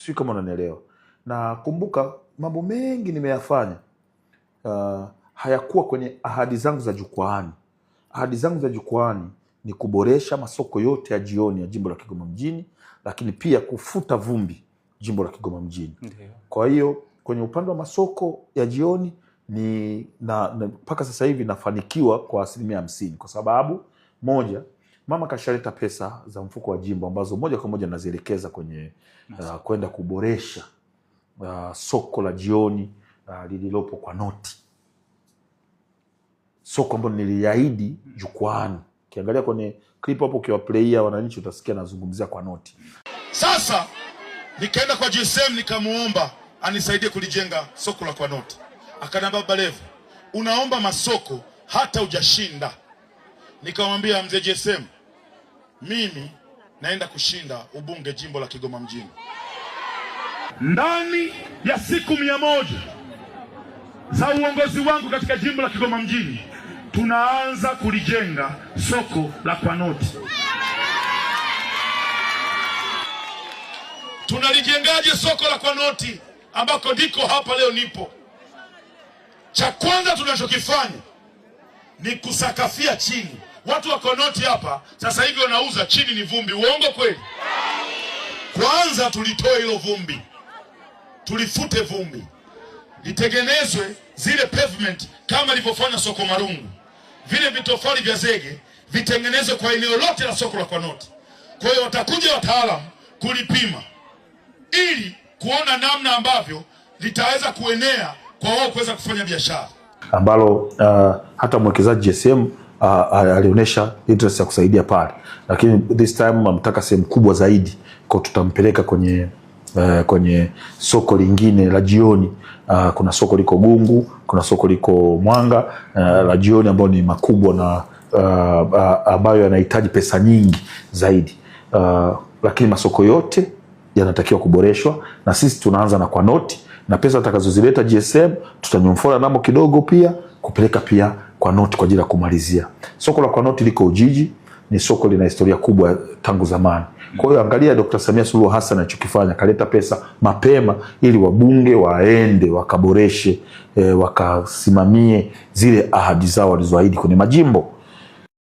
si kama unanielewa. Na kumbuka mambo mengi nimeyafanya, uh, hayakuwa kwenye ahadi zangu za jukwaani. Ahadi zangu za jukwaani ni kuboresha masoko yote ya jioni ya jimbo la Kigoma mjini, lakini pia kufuta vumbi jimbo la Kigoma mjini. Ndiyo. Kwa hiyo kwenye upande wa masoko ya jioni ni mpaka na, na, sasa hivi nafanikiwa kwa asilimia hamsini kwa sababu moja mama kashaleta pesa za mfuko wa jimbo ambazo moja kwa moja nazielekeza kwenye uh, kwenda kuboresha uh, soko la jioni uh, lililopo kwa Noti, soko ambalo niliahidi mm-hmm. jukwaani. Ukiangalia kwenye clip hapo, ukiwaplaia wananchi utasikia nazungumzia kwa Noti. Sasa nikaenda kwa GSM nikamuomba anisaidie kulijenga soko la kwa Noti, akaniambia Baba Levo, unaomba masoko hata hujashinda. Nikamwambia mzee GSM mimi naenda kushinda ubunge jimbo la Kigoma mjini ndani ya siku mia moja za uongozi wangu katika jimbo la Kigoma mjini tunaanza kulijenga soko la Kwanoti. Tunalijengaje soko la Kwanoti ambako ndiko hapa leo nipo? Cha kwanza tunachokifanya ni kusakafia chini. Watu wa Konoti hapa sasa hivi wanauza chini ni vumbi. Uongo kweli? Kwanza tulitoe hilo vumbi, tulifute vumbi, litengenezwe zile pavement kama ilivyofanya soko Marungu, vile vitofali vya zege vitengenezwe kwa eneo lote la soko la Konoti. Kwa hiyo watakuja wataalamu kulipima ili kuona namna ambavyo litaweza kuenea kwa wao kuweza kufanya biashara ambalo uh, hata mwekezaji GSM uh, alionyesha interest ya kusaidia pale, lakini this time amtaka sehemu kubwa zaidi, kwa tutampeleka kwenye uh, kwenye soko lingine la jioni. Uh, kuna soko liko Gungu, kuna soko liko Mwanga uh, la jioni ambayo ni makubwa na uh, uh, ambayo yanahitaji pesa nyingi zaidi uh, lakini masoko yote yanatakiwa kuboreshwa, na sisi tunaanza na kwa noti na pesa atakazozileta GSM tutanyomfora namo kidogo pia kupeleka pia kwa noti kwa ajili ya kumalizia. Soko la kwa noti liko Ujiji, ni soko lina historia kubwa tangu zamani. Kwa hiyo angalia Dr. Samia Suluhu Hassan anachokifanya, kaleta pesa mapema ili wabunge waende wakaboreshe, e, wakasimamie zile ahadi zao walizoahidi kwenye majimbo.